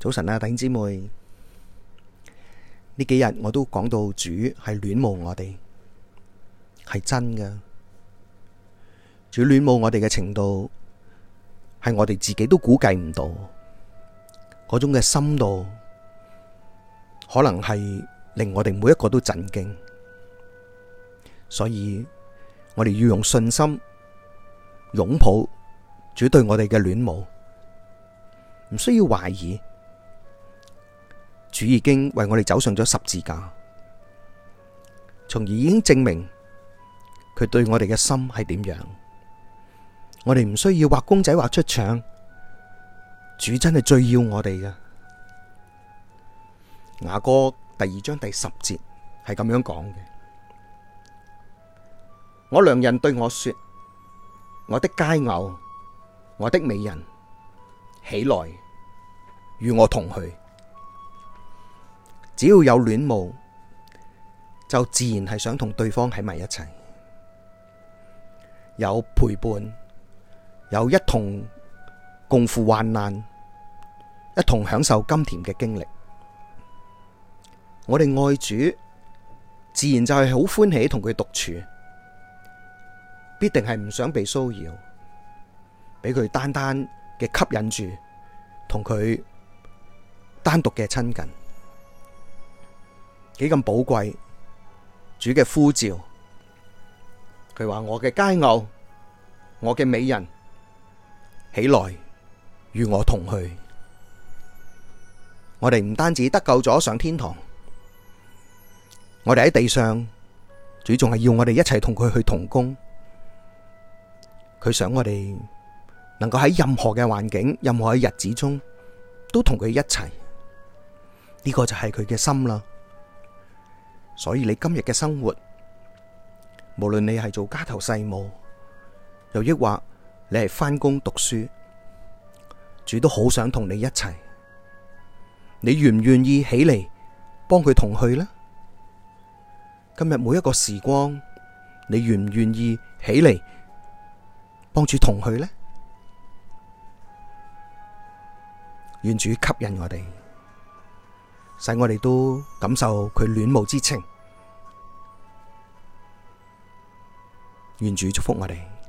早晨啦，弟兄姊妹，呢幾日我都講到主係戀慕我哋，係真嘅。主戀慕我哋嘅程度係我哋自己都估計唔到，嗰種嘅深度可能係令我哋每一個都震驚，所以我哋要用信心擁抱主對我哋嘅戀慕，唔需要懷疑。主已經為我哋走上咗十字架，從而已經證明佢對我哋嘅心係點樣。我哋唔需要畫公仔畫出場，主真係最要我哋嘅。雅歌第二章第十節係咁樣講嘅：我良人對我說，我的佳偶，我的美人，起來，與我同去。只要有戀慕，就自然係想同對方喺埋一齊，有陪伴，有一同共赴患難，一同享受甘甜嘅經歷。我哋愛主，自然就係好歡喜同佢獨處，必定係唔想被騷擾，俾佢單單嘅吸引住，同佢單獨嘅親近。幾咁寶貴，主嘅呼召，佢話，我嘅佳偶，我嘅美人，起來，與我同去。我哋唔單止得救咗上天堂，我哋喺地上，主仲係要我哋一齊同佢去同工。佢想我哋能夠喺任何嘅環境、任何嘅日子中都同佢一齊。呢個就係佢嘅心啦。所以你今日嘅生活，無論你係做家頭細務，又抑或你係返工讀書，主都好想同你一齊。你願唔願意起嚟幫佢同去呢？今日每一個時光，你願唔願意起嚟幫主同去呢？願主吸引我哋。使我哋都感受佢戀慕之情，願主祝福我哋。